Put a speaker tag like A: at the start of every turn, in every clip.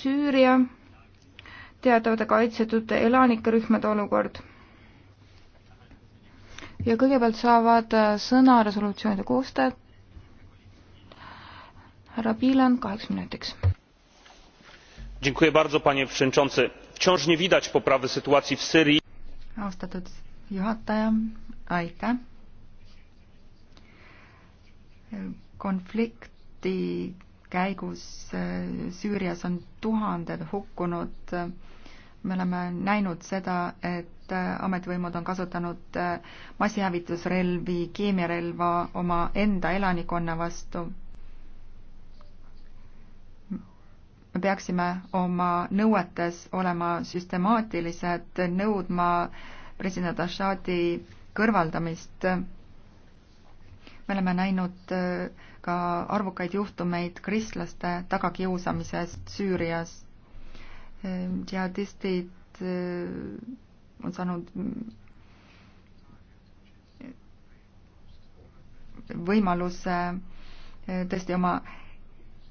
A: Süüria teatavate kaitsetud elanikerühmade olukord. ja kõigepealt saavad äh, sõna resolutsioonide koostajad. härra Piilan kaheks minutiks.
B: Dziękuję bardzo, panie przewodniczący. Wciąż nie widać poprawy sytuacji w Syrii.
C: Austatud juhataja, aitäh. Konflikti käigus äh, Süürias on tuhanded hukkunud. me oleme näinud seda, et äh, ametivõimud on kasutanud äh, massihävitusrelvi, keemiarelva omaenda elanikkonna vastu. me peaksime oma nõuetes olema süstemaatilised, nõudma president Assadi kõrvaldamist me oleme näinud äh, ka arvukaid juhtumeid kristlaste tagakiusamisest Süürias. Ähm, džihadistid äh, on saanud mm, võimaluse äh, tõesti oma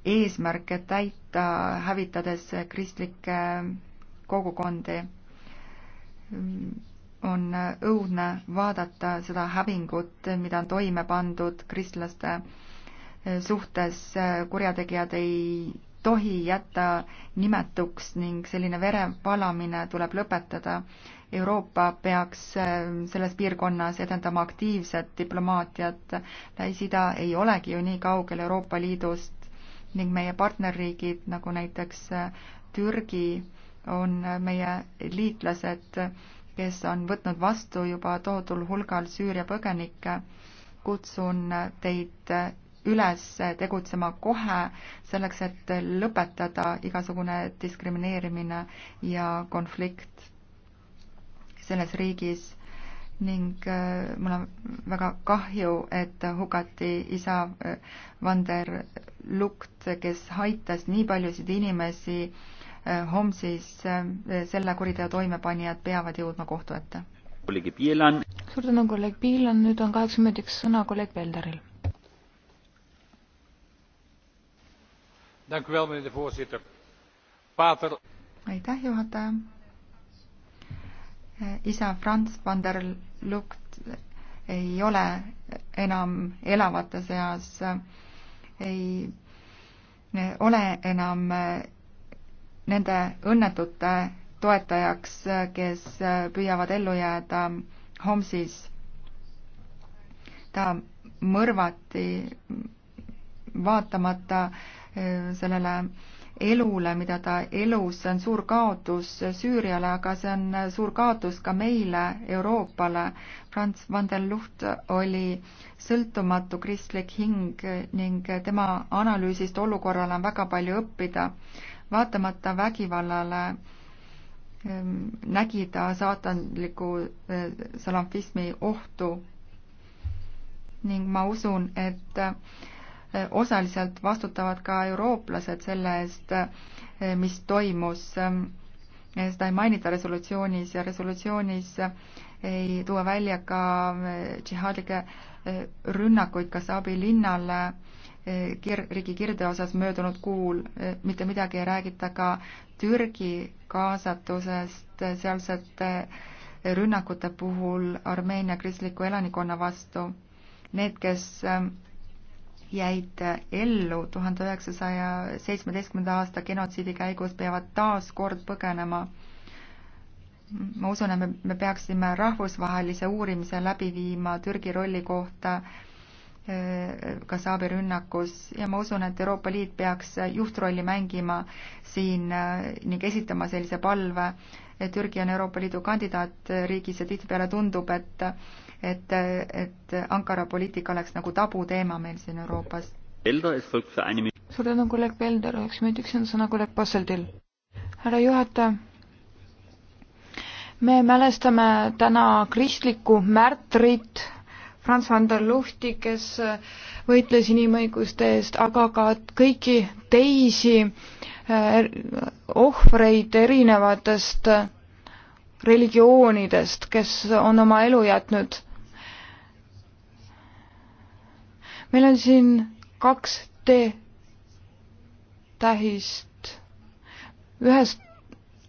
C: eesmärke täita, hävitades kristlikke kogukondi ähm, on õudne vaadata seda hävingut, mida on toime pandud kristlaste eh, suhtes, kurjategijad ei tohi jätta nimetuks ning selline verevalamine tuleb lõpetada. Euroopa peaks eh, selles piirkonnas edendama aktiivset diplomaatiat. Lähis-Ida ei olegi ju nii kaugel Euroopa Liidust ning meie partnerriigid, nagu näiteks eh, Türgi, on meie liitlased kes on võtnud vastu juba tohutul hulgal Süüria põgenikke. kutsun teid üles tegutsema kohe selleks, et lõpetada igasugune diskrimineerimine ja konflikt selles riigis ning äh, mul on väga kahju, et hukati isa äh, Vander Lukt, kes aitas nii paljusid inimesi Äh, homsis äh, selle kuriteo toimepanijad peavad jõudma kohtu ette. suur
A: tänu, kolleeg Piilan, nüüd on kaheksa minutiks sõna kolleeg Velderil.
C: aitäh, juhataja. Äh, isa Franz van der Lukt ei ole enam elavate seas, ei ole enam nende õnnetute toetajaks, kes äh, püüavad ellu jääda Homsis. ta mõrvati vaatamata äh, sellele elule, mida ta elus, see on suur kaotus Süüriale, aga see on äh, suur kaotus ka meile, Euroopale. Franz van der Luht oli sõltumatu kristlik hing ning tema analüüsist olukorrale on väga palju õppida vaatamata vägivallale ehm, nägi ta saatanliku eh, salafismi ohtu ning ma usun, et eh, osaliselt vastutavad ka eurooplased selle eest, eh, mis toimus. seda ei mainita resolutsioonis ja resolutsioonis ei tuua välja ka džihaadlikke rünnakuid Kasaabi linnale kir-, riigi kirdeosas möödunud kuul eh, mitte midagi ei räägita ka Türgi kaasatusest sealsete rünnakute puhul Armeenia kristliku elanikkonna vastu. Need, kes eh, jäid ellu tuhande üheksasaja seitsmeteistkümnenda aasta genotsiidi käigus, peavad taas kord põgenema. ma usun, et me, me peaksime rahvusvahelise uurimise läbi viima Türgi rolli kohta äh, Kassaabi rünnakus ja ma usun, et Euroopa Liit peaks juhtrolli mängima siin äh, ning esitama sellise palve. Türgi on Euroopa Liidu kandidaatriigis ja tihtipeale tundub, et, et, et Ankara poliitika oleks nagu tabuteema
A: meil siin Euroopas. suur tänu, kolleeg Pelder, üheks minutiks on sõna kolleeg Posseldil. härra juhataja me mälestame täna kristlikku märtrit, Franz van der Luhti, kes äh, võitles inimõiguste eest, aga ka kõiki teisi äh, ohvreid erinevatest äh, religioonidest, kes on oma elu jätnud. meil on siin kaks D tähist. ühest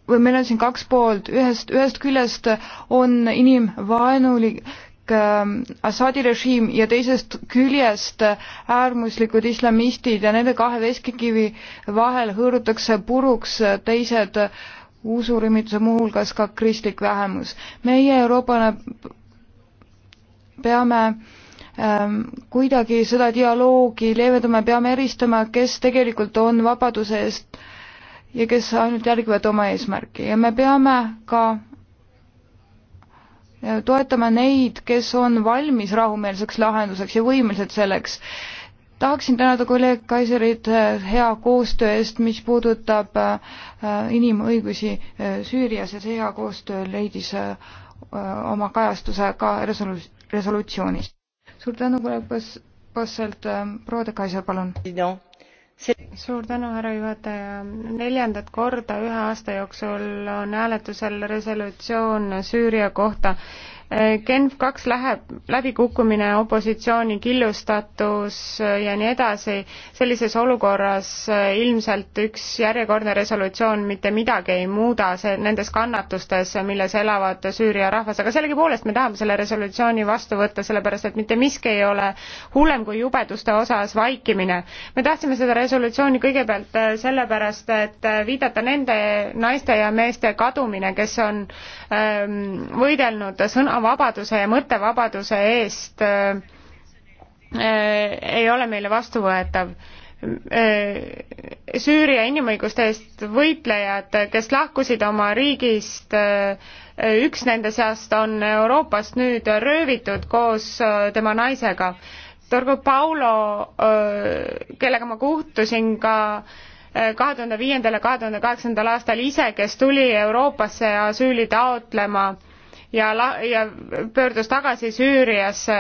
A: või meil on siin kaks poolt, ühest, ühest küljest on inimvaenulik ning äh, Assadi režiim ja teisest küljest äärmuslikud islamistid ja nende kahe veskikivi vahel hõõrutakse puruks teised usurühmituse muuhulgas ka kristlik vähemus. meie Euroopana peame ähm, kuidagi seda dialoogi leevendama, peame eristama, kes tegelikult on vabaduse eest ja kes ainult järgivad oma eesmärki ja me peame ka toetame neid, kes on valmis rahumeelseks lahenduseks ja võimelised selleks. tahaksin tänada kolleeg Kaiserit äh, hea koostöö eest, mis puudutab äh, inimõigusi äh, Süürias ja see hea koostöö leidis oma kajastuse ka resolu-, resolutsioonis. suur tänu, kolleeg Põs-,
B: Põsselt, proua de Kaiser, palun suur tänu, härra juhataja. neljandat korda ühe aasta jooksul on hääletusel resolutsioon Süüria kohta Genf kaks läheb, läbikukkumine, opositsiooni killustatus ja nii edasi, sellises olukorras ilmselt üks järjekordne resolutsioon mitte midagi ei muuda see, nendes kannatustes, milles elavad Süüria rahvas, aga sellegipoolest me tahame selle resolutsiooni vastu võtta, sellepärast et mitte miski ei ole hullem kui jubeduste osas vaikimine. me tahtsime seda resolutsiooni kõigepealt äh, sellepärast, et äh, viidata nende naiste ja meeste kadumine, kes on äh, Ähm, võidelnud sõnavabaduse ja mõttevabaduse eest, äh, äh, ei ole meile vastuvõetav. Äh, Süüria inimõiguste eest võitlejad, kes lahkusid oma riigist, üks nende seast on Euroopast nüüd röövitud koos tema naisega. Torgo Paulo, kellega ma kohtusin ka äh, kahe tuhande viiendal ja kahe tuhande kaheksandal aastal ise, kes tuli Euroopasse asüüli taotlema ja la-, ja pöördus tagasi Süüriasse,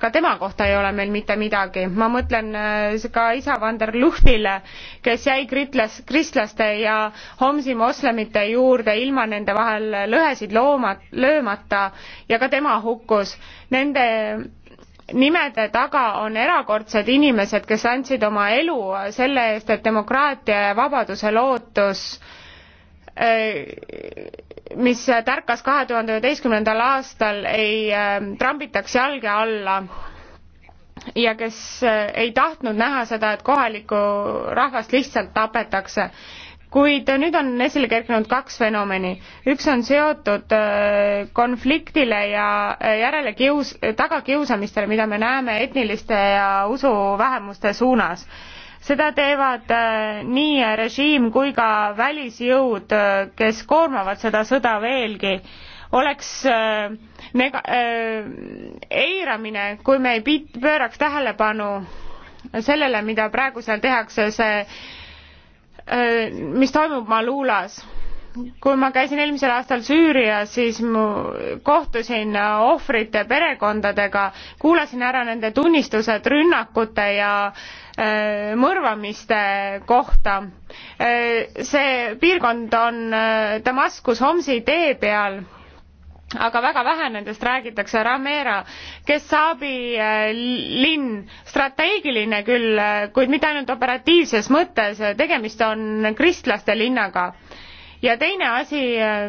B: ka tema kohta ei ole meil mitte midagi. ma mõtlen äh, ka isa Vander Luhtile, kes jäi kritlas-, kristlaste ja Homsi moslemite juurde ilma nende vahel lõhesid looma, löömata ja ka tema hukkus. Nende nimede taga on erakordsed inimesed, kes andsid oma elu selle eest, et demokraatia ja vabaduse lootus eh, mis tärkas kahe tuhande üheteistkümnendal aastal, ei eh, trambitaks jalge alla ja kes eh, ei tahtnud näha seda, et kohalikku rahvast lihtsalt tapetakse kuid nüüd on esile kerkinud kaks fenomeni. üks on seotud äh, konfliktile ja äh, järele kius-, tagakiusamistele, mida me näeme etniliste ja usuvähemuste suunas. seda teevad äh, nii režiim kui ka välisjõud, kes koormavad seda sõda veelgi oleks nega- äh,, eiramine, kui me ei pi-, pööraks tähelepanu sellele, mida praegu seal tehakse, see Äh, mis toimub Malulas. kui ma käisin eelmisel aastal Süürias, siis mu, kohtusin ohvrite perekondadega, kuulasin ära nende tunnistused rünnakute ja äh, mõrvamiste kohta. Äh, see piirkond on Damaskus Homsi tee peal aga väga vähe nendest räägitakse, Ramera, Kessabi äh, linn, strateegiline küll, äh, kuid mitte ainult operatiivses mõttes, äh, tegemist on kristlaste linnaga. ja teine asi,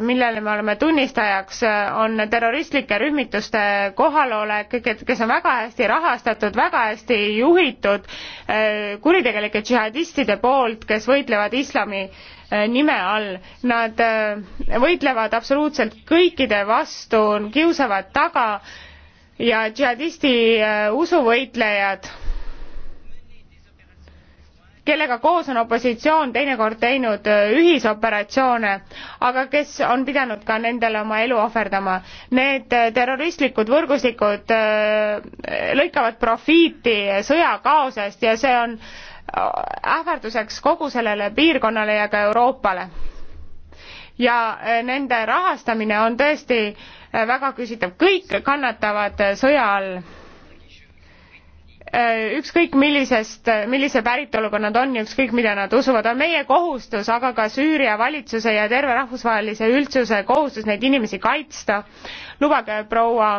B: millele me oleme tunnistajaks, on terroristlike rühmituste kohalolek, kes on väga hästi rahastatud, väga hästi juhitud kuritegelike džihadistide poolt, kes võitlevad islami Äh, nime all. Nad äh, võitlevad absoluutselt kõikide vastu, kiusavad taga ja džihadisti äh, usuvõitlejad, kellega koos on opositsioon teinekord teinud ühisoperatsioone, aga kes on pidanud ka nendele oma elu ohverdama. Need terroristlikud võrgustikud lõikavad profiiti sõjakaosest ja see on äh, ähvarduseks kogu sellele piirkonnale ja ka Euroopale. ja eh, nende rahastamine on tõesti eh, väga küsitav, kõik kannatavad eh, sõja all. ükskõik millisest, millise päritoluga nad on ja ükskõik mida nad usuvad, on meie kohustus, aga ka Süüria valitsuse ja terve rahvusvahelise üldsuse kohustus neid inimesi kaitsta. lubage, proua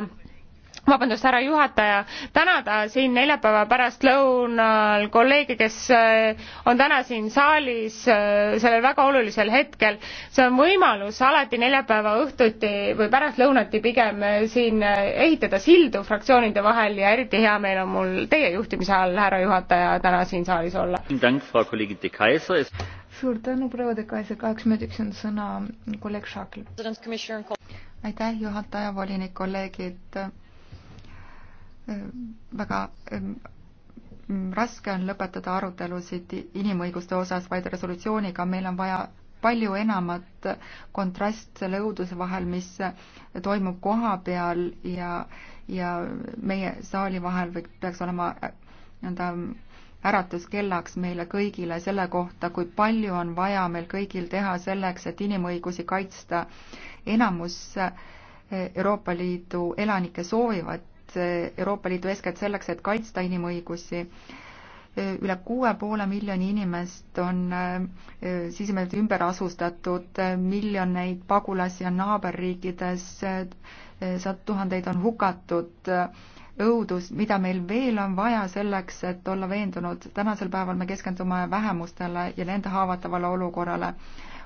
B: vabandust, härra juhataja, tänada siin neljapäeva pärastlõunal kolleege, kes äh, on täna siin saalis äh, sellel väga olulisel hetkel. see on võimalus alati neljapäeva õhtuti või pärastlõunati pigem äh, siin ehitada sildu fraktsioonide vahel ja eriti hea meel on mul teie juhtimise all, härra juhataja, täna siin saalis olla. suur tänu, proua
A: de Kaisa, kaheks minutiks on sõna kolleeg Šakl. aitäh, juhataja,
C: volinik, kolleegid väga ähm, mm, raske on lõpetada arutelusid inimõiguste osas vaid resolutsiooniga, meil on vaja palju enamat kontrast selle õuduse vahel, mis toimub koha peal ja, ja meie saali vahel või peaks olema äh, nii-öelda mm, äratuskellaks meile kõigile selle kohta, kui palju on vaja meil kõigil teha selleks, et inimõigusi kaitsta. enamus äh, Euroopa Liidu elanikke soovivad miljardit Euroopa Liidu eeskätt selleks, et kaitsta inimõigusi. üle kuue poole miljoni inimest on äh, sisemiselt ümber asustatud, miljoneid pagulasi on naaberriikides, äh, sadu tuhandeid on hukatud õudus, mida meil veel on vaja selleks, et olla veendunud, tänasel päeval me keskendume vähemustele ja nende haavatavale olukorrale,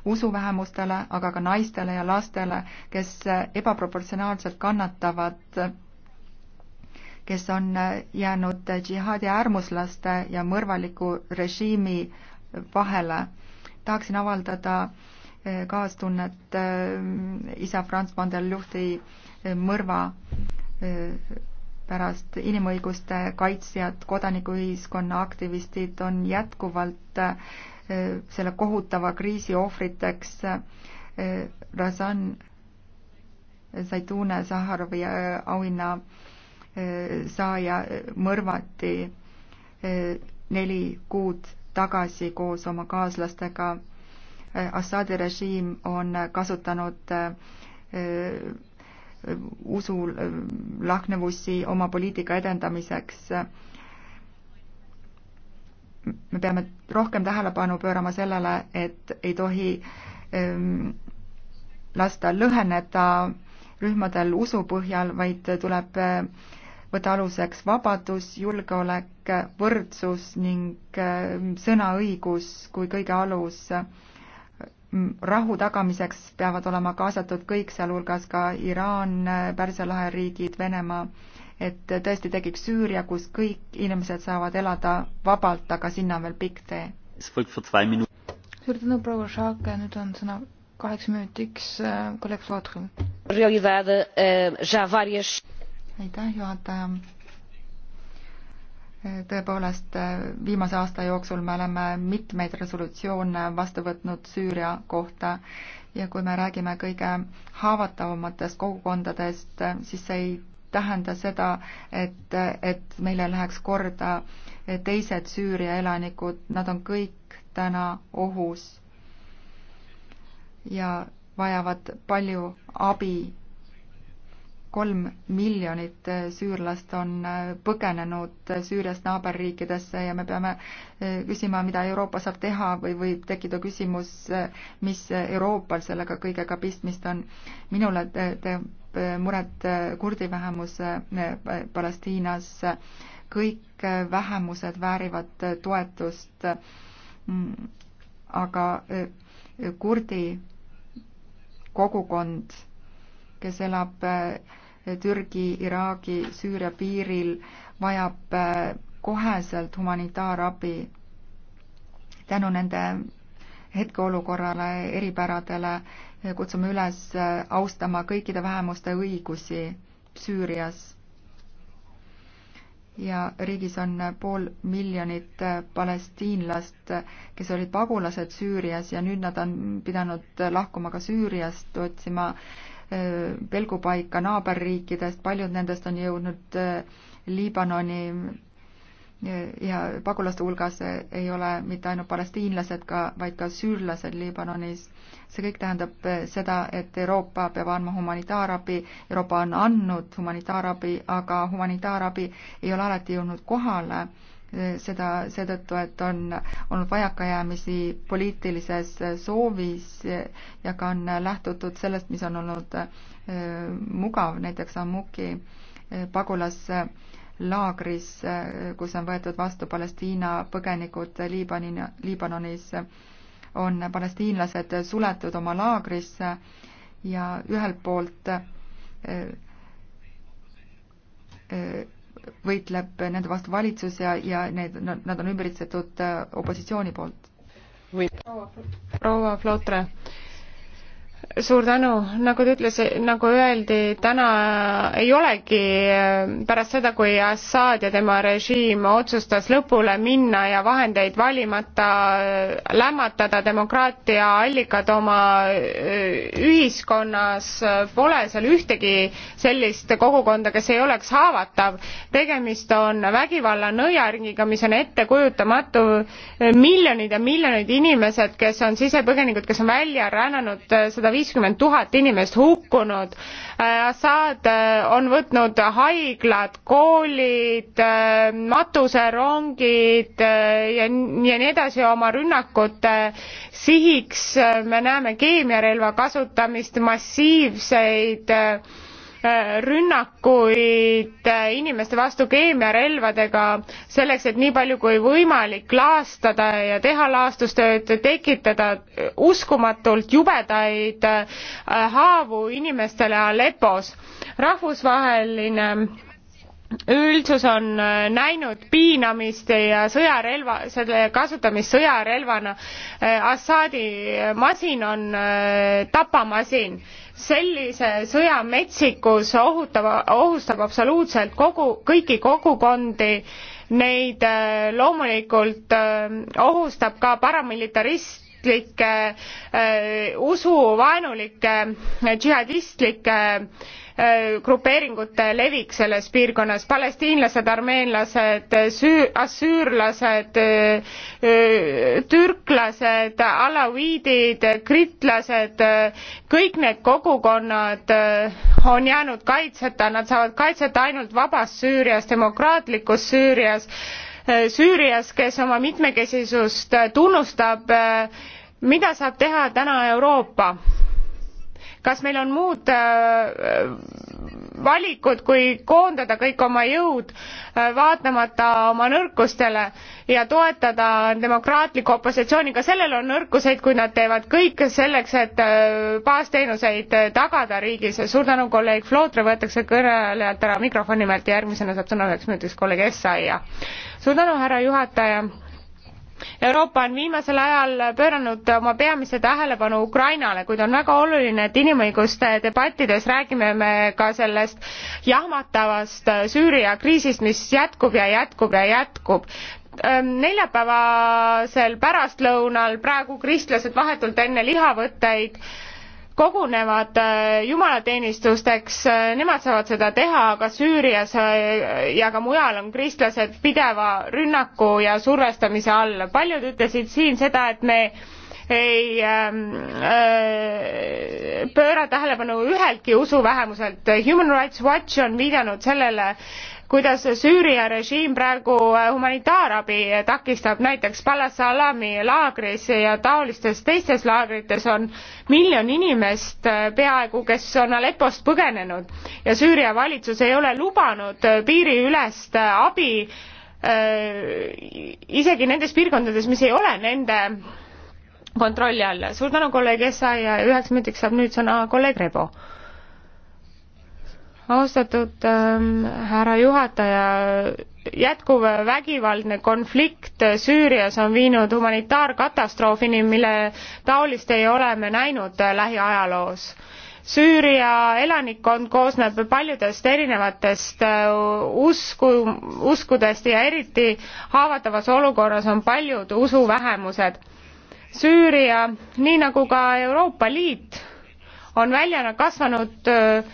C: usuvähemustele, aga ka naistele ja lastele, kes äh, ebaproportsionaalselt kannatavad kes on jäänud džihaadi äärmuslaste ja mõrvaliku režiimi vahele. tahaksin avaldada eh, kaastunnet eh, isa Franz van der Luhti eh, mõrva pärast inimõiguste kaitsjad, kodanikuühiskonna aktivistid on jätkuvalt selle kohutava kriisi ohvriteks. Razan Zaitune Saharovi auhinna saaja mõrvati e, neli kuud tagasi koos oma kaaslastega. E, Assadi režiim on kasutanud e, usu lahknevusi oma poliitika edendamiseks. me peame rohkem tähelepanu pöörama sellele, et ei tohi lasta lõheneda rühmadel usu põhjal, vaid tuleb võtta aluseks vabadus, julgeolek, võrdsus ning ähm, sõnaõigus kui kõige alus. Mm, rahu tagamiseks peavad olema kaasatud kõik, sealhulgas ka Iraan, Pärsia lahe riigid, Venemaa, et tõesti tekiks Süüria, kus kõik inimesed saavad
A: elada vabalt, aga sinna on veel pikk tee. suur tänu, proua Šaake, nüüd on sõna kaheks minutiks äh, kolleeg Sotrin. Realidade äh, já várias aitäh, juhataja.
C: tõepoolest, viimase aasta jooksul me oleme mitmeid resolutsioone vastu võtnud Süüria kohta ja kui me räägime kõige haavatavamatest kogukondadest, siis see ei tähenda seda, et, et meile läheks korda teised Süüria elanikud, nad on kõik täna ohus ja vajavad palju abi kolm miljonit äh, süürlast on äh, põgenenud äh, Süüriast naaberriikidesse ja me peame küsima, mida Euroopa saab teha või võib tekkida küsimus, mis Euroopal sellega kõigega pistmist on. minule teeb muret kurdi vähemuse Palestiinas, kõik vähemused väärivad toetust, mm, aga kurdi kogukond, kes elab Türgi, Iraagi, Süüria piiril vajab äh, koheselt humanitaarabi tänu nende hetkeolukorrale, eripäradele, kutsume üles äh, austama kõikide vähemuste õigusi Süürias. ja riigis on pool miljonit äh, palestiinlast, kes olid pagulased Süürias ja nüüd nad on pidanud lahkuma ka Süüriast, otsima äh, Äh, pelgupaika naaberriikidest, paljud nendest on jõudnud äh, Liibanoni äh, ja pagulaste hulgas ei ole mitte ainult palestiinlased ka, vaid ka süürlased Liibanonis. see kõik tähendab seda, et Euroopa peab andma humanitaarabi, Euroopa on andnud humanitaarabi, aga humanitaarabi ei ole alati jõudnud kohale seda seetõttu, et on olnud vajakajäämisi poliitilises soovis ja ka on lähtutud sellest, mis on olnud äh, mugav, näiteks Amuki äh, pagulaslaagris, äh, kus on võetud vastu Palestiina põgenikud Liibanin, Liibanonis, on palestiinlased suletud oma laagrisse ja ühelt poolt võitleb nende vastu valitsus ja, ja
B: need, nad on ümbritsetud äh, opositsiooni poolt. proua Flotre suur tänu, nagu ta ütles, nagu öeldi, täna ei olegi äh, pärast seda, kui Assad ja tema režiim otsustas lõpule minna ja vahendeid valimata äh, lämmatada demokraatia allikad oma äh, ühiskonnas, pole seal ühtegi sellist kogukonda, kes ei oleks haavatav. tegemist on vägivalla nõiaringiga, mis on ettekujutamatu. miljonid ja miljonid inimesed, kes on sisepõgenikud, kes on välja rännanud seda viiskümmend tuhat inimest hukkunud. Assad äh, on võtnud haiglad, koolid, äh, matuserongid äh, ja, ja nii edasi oma rünnakute sihiks. me näeme keemiarelva kasutamist, massiivseid rünnakuid inimeste vastu keemiarelvadega selleks, et nii palju kui võimalik laastada ja teha laastustööd, tekitada uskumatult jubedaid äh, haavu inimestele Aleppos. rahvusvaheline üldsus on äh, näinud piinamist ja sõjarelva, selle kasutamist sõjarelvana. Äh, Assaadi masin on tapamasin sellise sõja metsikus ohutab, ohustab absoluutselt kogu, kõiki kogukondi, neid äh, loomulikult äh, ohustab ka paramilitarist terroristlike äh,, usuvaenulike äh, džihadistlike äh, grupeeringute levik selles piirkonnas, palestiinlased, armeenlased, süü-, assüürlased, äh, türklased, alaviidid, kritlased, kõik need kogukonnad äh, on jäänud kaitseta, nad saavad kaitset ainult vabas Süürias, demokraatlikus Süürias, Äh, Süürias, kes oma mitmekesisust äh, tunnustab, äh, mida saab teha täna Euroopa? kas meil on muud äh, valikud, kui koondada kõik oma jõud äh, vaatamata oma nõrkustele ja toetada demokraatlikku opositsiooni, ka sellel on nõrkuseid, kui nad teevad kõik selleks, et äh, baasteenuseid tagada riigis. suur tänu, kolleeg Flootre, võetakse kõnelejalt ära mikrofon nimelt ja järgmisena saab sõna üheks minutiks kolleeg Essaia. suur tänu, härra juhataja Euroopa on viimasel ajal pööranud oma peamise tähelepanu Ukrainale, kuid on väga oluline, et inimõiguste debattides räägime me ka sellest jahmatavast Süüria kriisist, mis jätkub ja jätkub ja jätkub ehm, neljapäevasel pärastlõunal praegu kristlased vahetult enne lihavõtteid kogunevad äh, jumalateenistusteks, äh, nemad saavad seda teha, aga Süürias äh, ja ka mujal on kristlased pideva rünnaku ja survestamise all. paljud ütlesid siin seda, et me ei ähm, äh, pööra tähelepanu üheltki usuvähemuselt. Human Rights Watch on viidanud sellele, kuidas Süüria režiim praegu äh, humanitaarabi äh, takistab, näiteks Palas-Salami laagris ja taolistes teistes laagrites on miljon inimest äh, peaaegu, kes on Alepost põgenenud ja Süüria valitsus ei ole lubanud piiriülest abi äh, isegi nendes piirkondades, mis ei ole nende kontrolli all. suur tänu, kolleeg Essa ja üheks minutiks saab nüüd sõna kolleeg Rebo austatud ähm, härra juhataja, jätkuv vägivaldne konflikt Süürias on viinud humanitaarkatastroofini, mille taolist ei ole me näinud lähiajaloos Süüria elanikkond koosneb paljudest erinevatest äh, usku, uskudest ja eriti haavatavas olukorras on paljud usuvähemused. Süüria, nii nagu ka Euroopa Liit, on väljana kasvanud äh,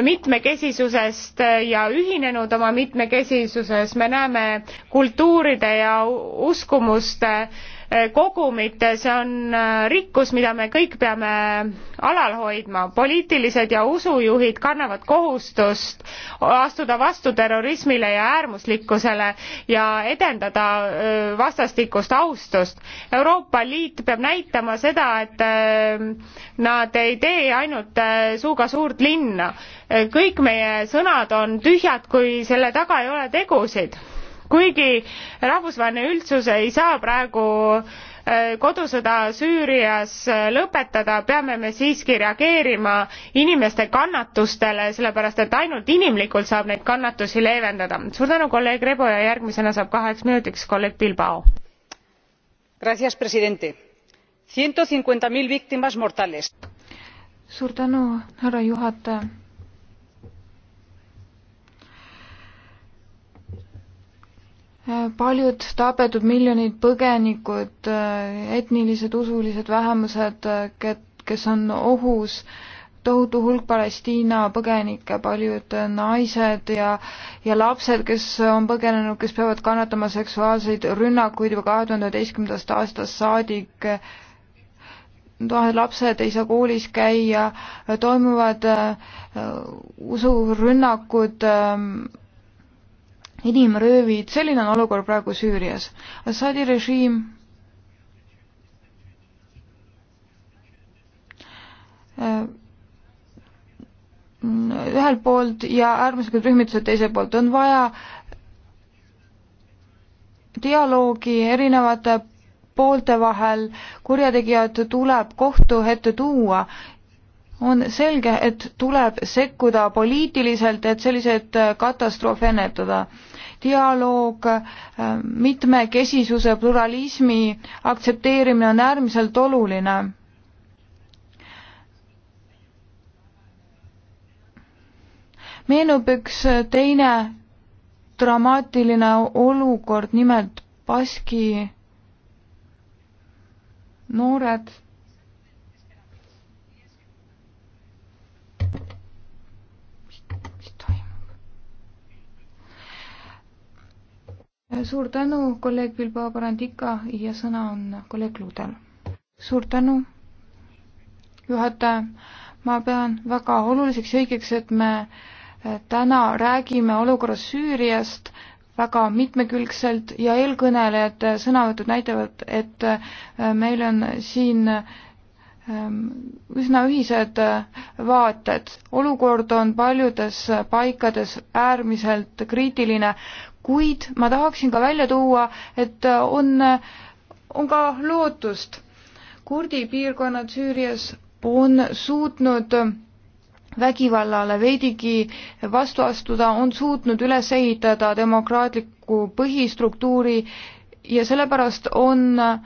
B: mitmekesisusest ja ühinenud oma mitmekesisuses me näeme kultuuride ja uskumuste kogumit, see on äh, rikkus, mida me kõik peame alal hoidma. poliitilised ja usujuhid kannavad kohustust astuda vastu terrorismile ja äärmuslikkusele ja edendada äh, vastastikust austust. Euroopa Liit peab näitama seda, et äh, nad ei tee ainult suuga suurt linna. kõik meie sõnad on tühjad, kui selle taga ei ole tegusid kuigi rahvusvaheline üldsus ei saa praegu äh, kodusõda Süürias äh, lõpetada, peame me siiski reageerima inimeste kannatustele, sellepärast et ainult inimlikult saab neid kannatusi leevendada. suur tänu, kolleeg Rebo ja järgmisena saab kaheks minutiks kolleeg Bilbao. Gracias, presidente. ciento cincuenta mil víctimas mortales.
A: suur tänu, härra juhataja paljud tapetud miljonid põgenikud, etnilised, usulised vähemused, kes on ohus, tohutu hulk Palestiina põgenikke, paljud naised ja, ja lapsed, kes on põgenenud, kes peavad kannatama seksuaalseid rünnakuid juba kahe tuhande üheteistkümnendast aastast saadik. tuhanded noh, lapsed ei saa koolis käia, toimuvad äh, usurünnakud äh, inimröövid, selline on olukord praegu Süürias. Assadi režiim äh, ühelt poolt ja äärmuslikud rühmitused teiselt poolt on vaja dialoogi erinevate poolte vahel kurjategijad tuleb kohtu ette tuua on selge, et tuleb sekkuda poliitiliselt, et selliseid äh, katastroofe ennetada. dialoog, äh, mitmekesisuse, pluralismi aktsepteerimine on äärmiselt oluline meenub üks äh, teine dramaatiline olukord, nimelt Baski noored suur tänu, kolleeg Bilbao Barandika ja sõna on kolleeg Luudel. suur tänu, juhataja. ma pean väga oluliseks ja õigeks, et me eh, täna räägime olukorrast Süüriast väga mitmekülgselt ja eelkõnelejate sõnavõtud näitavad, et eh, meil on siin ehm, üsna ühised eh, vaated. olukord on paljudes paikades äärmiselt kriitiline, kuid ma tahaksin ka välja tuua, et äh, on, äh, on ka lootust. kurdi piirkonnad Süürias on suutnud vägivallale veidigi vastu astuda, on suutnud üles ehitada demokraatliku põhistruktuuri ja sellepärast on äh,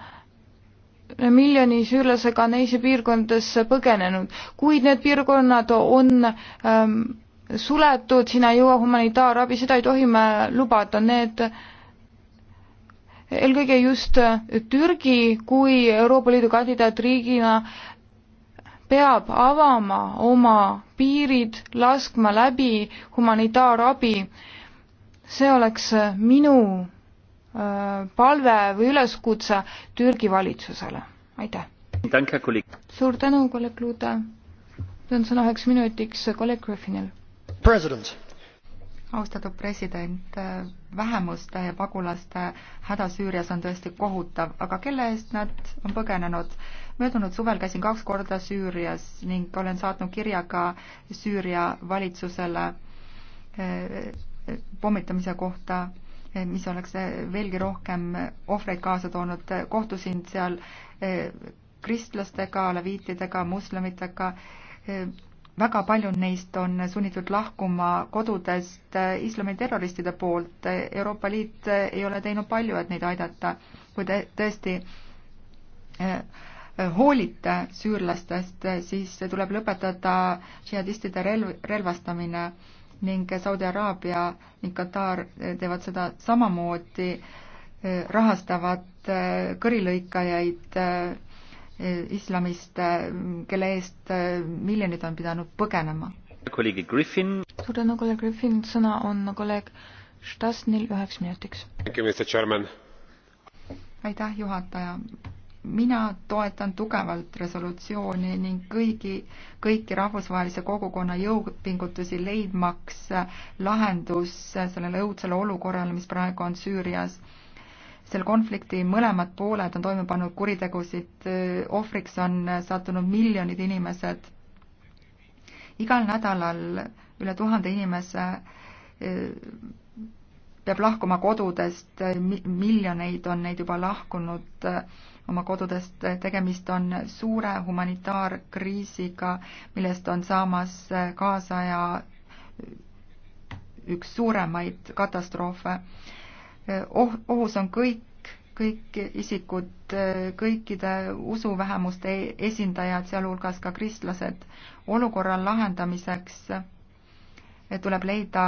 A: miljoni süürlasega neisse piirkondadesse põgenenud, kuid need piirkonnad on ähm, suletud, sinna ei jõua humanitaarabi, seda ei tohi me lubada, need eelkõige just Türgi kui Euroopa Liidu kandidaatriigina peab avama oma piirid, laskma läbi humanitaarabi. see oleks minu äh, palve või üleskutse Türgi valitsusele, aitäh. suur tänu, kolleeg Luude. see on sõna üheks minutiks kolleeg Griffinil austatud president, vähemuste
C: ja pagulaste häda Süürias on tõesti kohutav, aga kelle eest nad on põgenenud? möödunud suvel käisin kaks korda Süürias ning olen saatnud kirja ka Süüria valitsusele eh, pommitamise kohta, eh, mis oleks veelgi rohkem ohvreid kaasa toonud. kohtusin seal eh, kristlastega, leviitidega, moslemitega väga paljud neist on sunnitud lahkuma kodudest äh, islamiterroristide poolt. Euroopa Liit äh, ei ole teinud palju, et neid aidata. kui te tõesti äh, hoolite süürlastest, siis tuleb lõpetada džihadistide relv, relvastamine ning Saudi Araabia ning Katar teevad seda samamoodi, rahastavad kõrilõikajaid islamist,
A: kelle eest miljonid on pidanud põgenema.
B: kolleeg Griffin.
A: suur tänu, kolleeg Griffin, sõna on kolleeg Stasnil üheks minutiks. aitäh, juhataja. mina toetan tugevalt resolutsiooni
C: ning kõigi, kõiki rahvusvahelise kogukonna jõupingutusi leidmaks lahendus sellele õudsele olukorrale, mis praegu on Süürias selle konflikti mõlemad pooled on toime pannud kuritegusid, ohvriks on sattunud miljonid inimesed. igal nädalal üle tuhande inimese e, peab lahkuma kodudest, miljoneid on neid juba lahkunud e, oma kodudest, tegemist on suure humanitaarkriisiga, millest on saamas kaasaja üks suuremaid katastroofe Eh, oh-, ohus on kõik, kõik isikud, eh, kõikide usuvähemuste e-, esindajad, sealhulgas ka kristlased. olukorra lahendamiseks eh, tuleb leida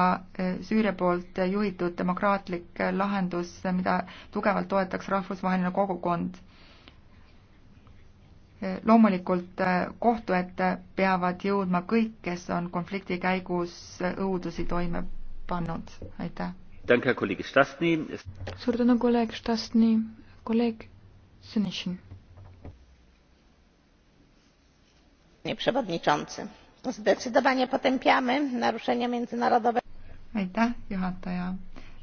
C: Süüria poolt juhitud demokraatlik lahendus, mida tugevalt toetaks rahvusvaheline kogukond. loomulikult kohtu ette peavad jõudma kõik, kes on konflikti käigus õudusi
A: toime pannud, aitäh suur tänu, kolleeg Štasni, kolleeg Sõnišin.
C: aitäh, juhataja.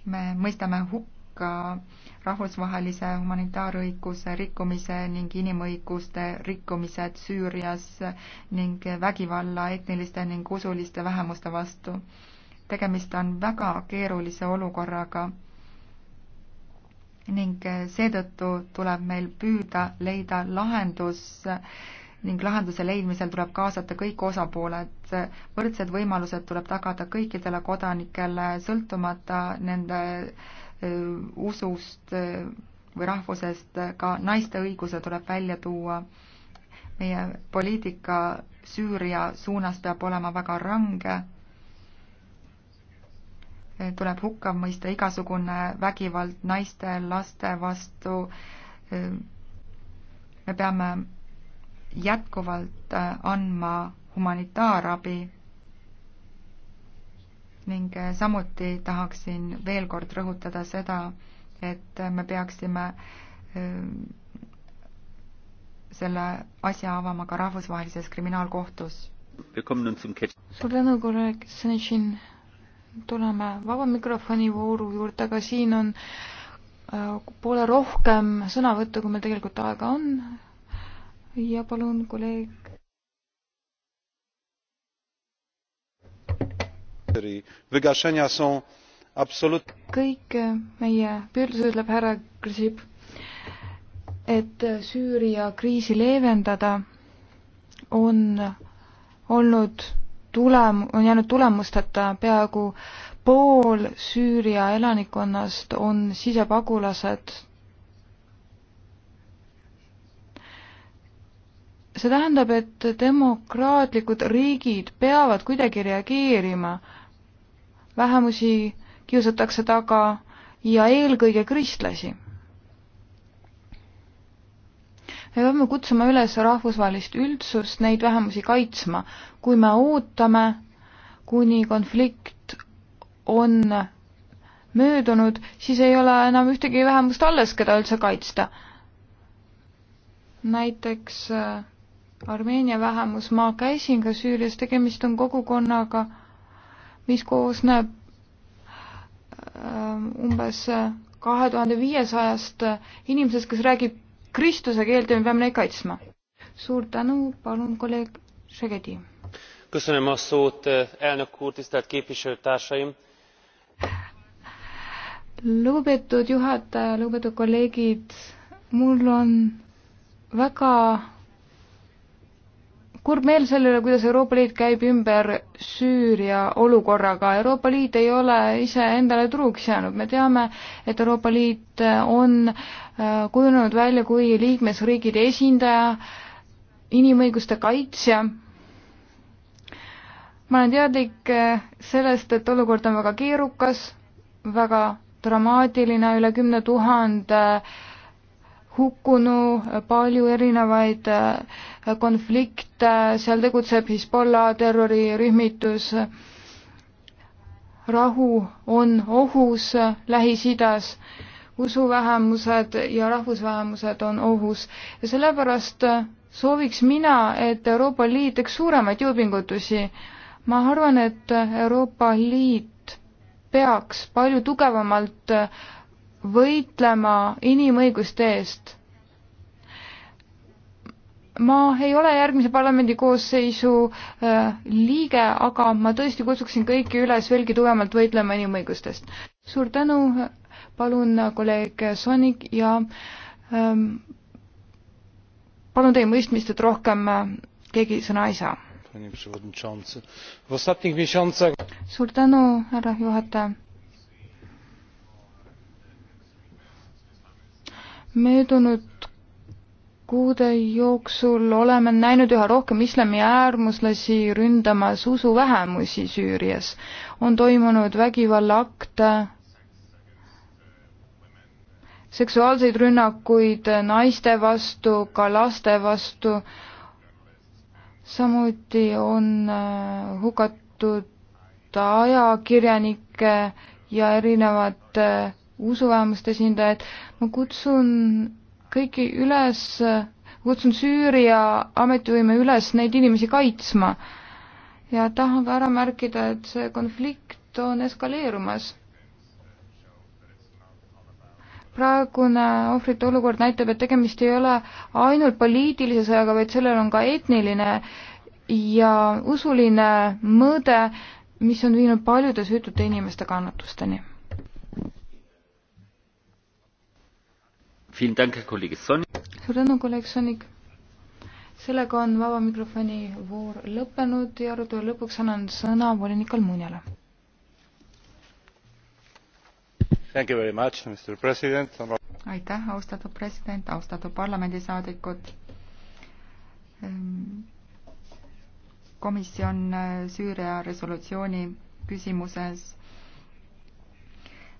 C: me mõistame hukka rahvusvahelise humanitaarõiguse rikkumise ning inimõiguste rikkumised Süürias ning vägivalla etniliste ning usuliste vähemuste vastu tegemist on väga keerulise olukorraga ning seetõttu tuleb meil püüda leida lahendus ning lahenduse leidmisel tuleb kaasata kõik osapooled. võrdsed võimalused tuleb tagada kõikidele kodanikele, sõltumata nende usust või rahvusest, ka naiste õiguse tuleb välja tuua. meie poliitika Süüria suunas peab olema väga range tuleb hukka mõista igasugune vägivald naiste, laste vastu. me peame jätkuvalt äh, andma humanitaarabi ning äh, samuti tahaksin veel kord rõhutada seda, et äh, me peaksime selle asja avama ka
A: rahvusvahelises kriminaalkohtus. suur tänu, kolleeg Senešin tuleme vaba mikrofoni vooru juurde, aga siin on äh, poole rohkem sõnavõttu, kui meil tegelikult aega on. ja palun, kolleeg. kõik meie püüdlused, ütleb härra Grzib, et Süüria kriisi leevendada on olnud tulem-, on jäänud tulemusteta, peaaegu pool Süüria elanikkonnast on sisepagulased. see tähendab, et demokraatlikud riigid peavad kuidagi reageerima. vähemusi kiusatakse taga ja eelkõige kristlasi me peame kutsuma üles rahvusvahelist üldsust neid vähemusi kaitsma, kui me ootame, kuni konflikt on möödunud, siis ei ole enam ühtegi vähemust alles, keda üldse kaitsta. näiteks äh, Armeenia vähemus, ma käisin ka Süürias, tegemist on kogukonnaga, mis koosneb äh, umbes äh, kahe tuhande viiesajast inimesest, kes räägib kristuse keelt ja me peame neid kaitsma. suur tänu, palun kolleeg Segedi.
B: köszönöm a szót, elnök úr, tisztelt képviselőtársaim!
A: lugupeetud juhataja, lugupeetud kolleegid, mul on väga kurb meel selle üle, kuidas Euroopa Liit käib ümber Süüria olukorraga. Euroopa Liit ei ole iseendale truuks jäänud, me teame, et Euroopa Liit on äh, kujunenud välja kui liikmesriigide esindaja, inimõiguste kaitsja. ma olen teadlik äh, sellest, et olukord on väga keerukas, väga dramaatiline, üle kümne tuhande 000 hukkunu, palju erinevaid äh, konflikte, seal tegutseb Hezbollah terrorirühmitus, rahu on ohus Lähis-Idas, usuvähemused ja rahvusvähemused on ohus ja sellepärast äh, sooviks mina, et Euroopa Liit teeks suuremaid jõupingutusi. ma arvan, et Euroopa Liit peaks palju tugevamalt äh, võitlema inimõiguste eest. ma ei ole järgmise parlamendi koosseisu äh, liige, aga ma tõesti kutsuksin kõiki üles veelgi tugevamalt võitlema inimõigustest. suur tänu, palun kolleeg Sonik ja ähm, palun teie mõistmist, et rohkem äh, keegi sõna ei saa. suur tänu, härra juhataja möödunud kuude jooksul oleme näinud üha rohkem islami äärmuslasi ründamas usuvähemusi Süürias. on toimunud vägivallaakte, seksuaalseid rünnakuid naiste vastu, ka laste vastu, samuti on äh, hukatud ajakirjanikke ja erinevate äh, usuvähemuste esindajaid, ma kutsun kõiki üles, kutsun Süüria ametivõime üles neid inimesi kaitsma. ja tahan ka ära märkida, et see konflikt on eskaleerumas. praegune ohvrite olukord näitab, et tegemist ei ole ainult poliitilise sõjaga, vaid sellel on ka etniline ja usuline mõõde, mis on viinud paljude süütute inimeste kannatusteni suur tänu, kolleeg Sonik. sellega on vaba mikrofoni voor lõppenud ja arutelu lõpuks annan sõna volinik Almuniale.
C: aitäh, austatud president, austatud parlamendisaadikud. Ehm, komisjon äh, Süüria resolutsiooni küsimuses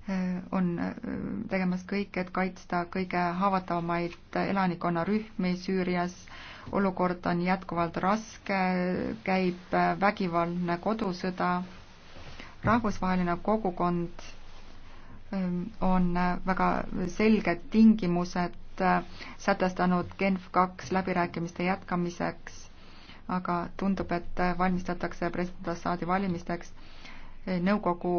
C: Äh, on äh, tegemas kõik, et kaitsta kõige haavatavamaid elanikkonnarühmi Süürias. olukord on jätkuvalt raske, käib äh, vägivaldne kodusõda. rahvusvaheline kogukond ähm, on väga selged tingimused sätestanud Genf kaks läbirääkimiste jätkamiseks, aga tundub, et valmistatakse president Assadi valimisteks. nõukogu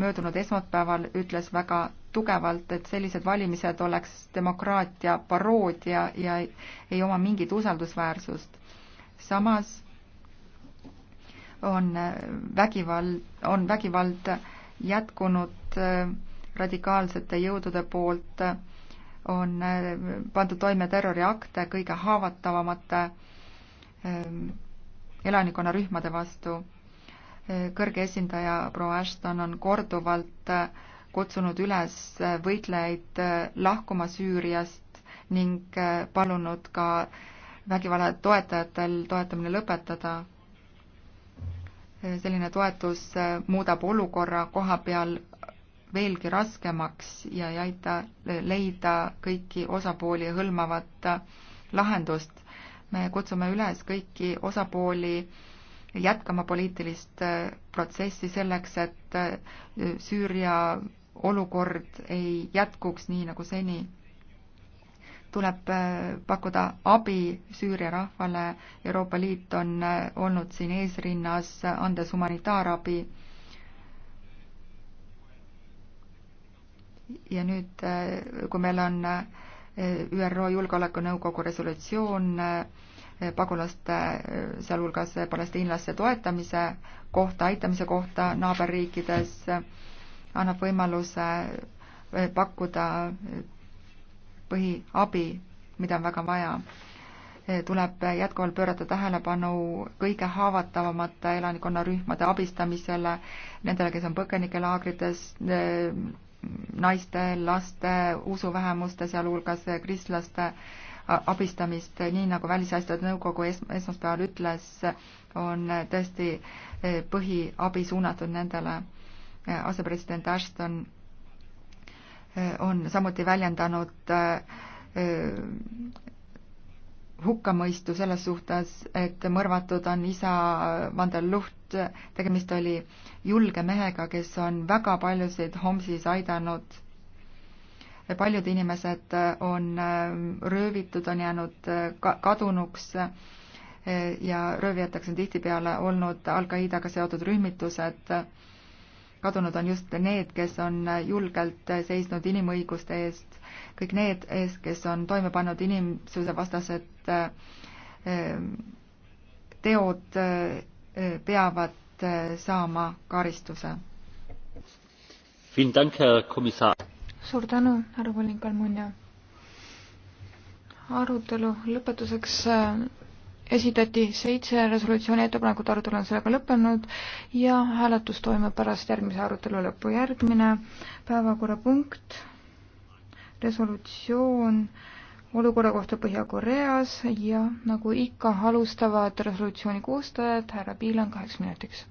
C: möödunud esmaspäeval ütles väga tugevalt, et sellised valimised oleks demokraatia paroodia ja ei oma mingit usaldusväärsust. samas on äh, vägivald, on vägivald jätkunud äh, radikaalsete jõudude poolt, äh, on pandud toime terroriakte kõige haavatavamate ähm, elanikkonnarühmade vastu kõrge esindaja proua Ashton on korduvalt äh, kutsunud üles äh, võitlejaid äh, lahkuma Süüriast ning palunud ka vägivalla toetajatel toetamine lõpetada. selline toetus muudab olukorra koha peal veelgi raskemaks ja ei aita leida kõiki osapooli hõlmavat lahendust. me kutsume üles kõiki osapooli äh, jätkama poliitilist äh, protsessi selleks, et äh, Süüria olukord ei jätkuks nii nagu seni. tuleb äh, pakkuda abi Süüria rahvale, Euroopa Liit on olnud siin eesrinnas, andes humanitaarabi. ja nüüd, kui meil on ÜRO Julgeolekunõukogu resolutsioon pagulaste, sealhulgas palestiinlaste toetamise kohta, aitamise kohta naaberriikides, annab võimaluse eh, pakkuda põhiabi, mida on väga vaja. Eh, tuleb jätkuvalt pöörata tähelepanu kõige haavatavamate elanikkonnarühmade abistamisele, nendele, kes on põgenikelaagrites, eh, naiste, laste, usuvähemuste, sealhulgas kristlaste abistamist, nii nagu Välisasjade Nõukogu es-, esmaspäeval ütles, on tõesti eh, põhiabi suunatud nendele. Eh, asepresident Ashton eh, on samuti väljendanud hukkamõistu selles suhtes, et mõrvatud on isa Vandel Luht, tegemist oli julge mehega, kes on väga paljusid homsis aidanud paljud inimesed on äh, röövitud, on jäänud äh, kadunuks äh, ja röövijateks on tihtipeale olnud Al-Qaidaga seotud rühmitused. kadunud on just need, kes on julgelt seisnud inimõiguste eest, kõik need eest, kes on toime pannud inimsusevastased teod, peavad saama karistuse
A: suur tänu, härra volinik Almunia. arutelu lõpetuseks äh, esitati seitse resolutsiooni ettepanekut, arutelu on sellega lõppenud ja hääletus toimub pärast järgmise arutelu lõppu. järgmine päevakorrapunkt, resolutsioon olukorra kohta Põhja-Koreas ja nagu ikka, alustavad resolutsiooni koostajad, härra Piilan kaheks minutiks.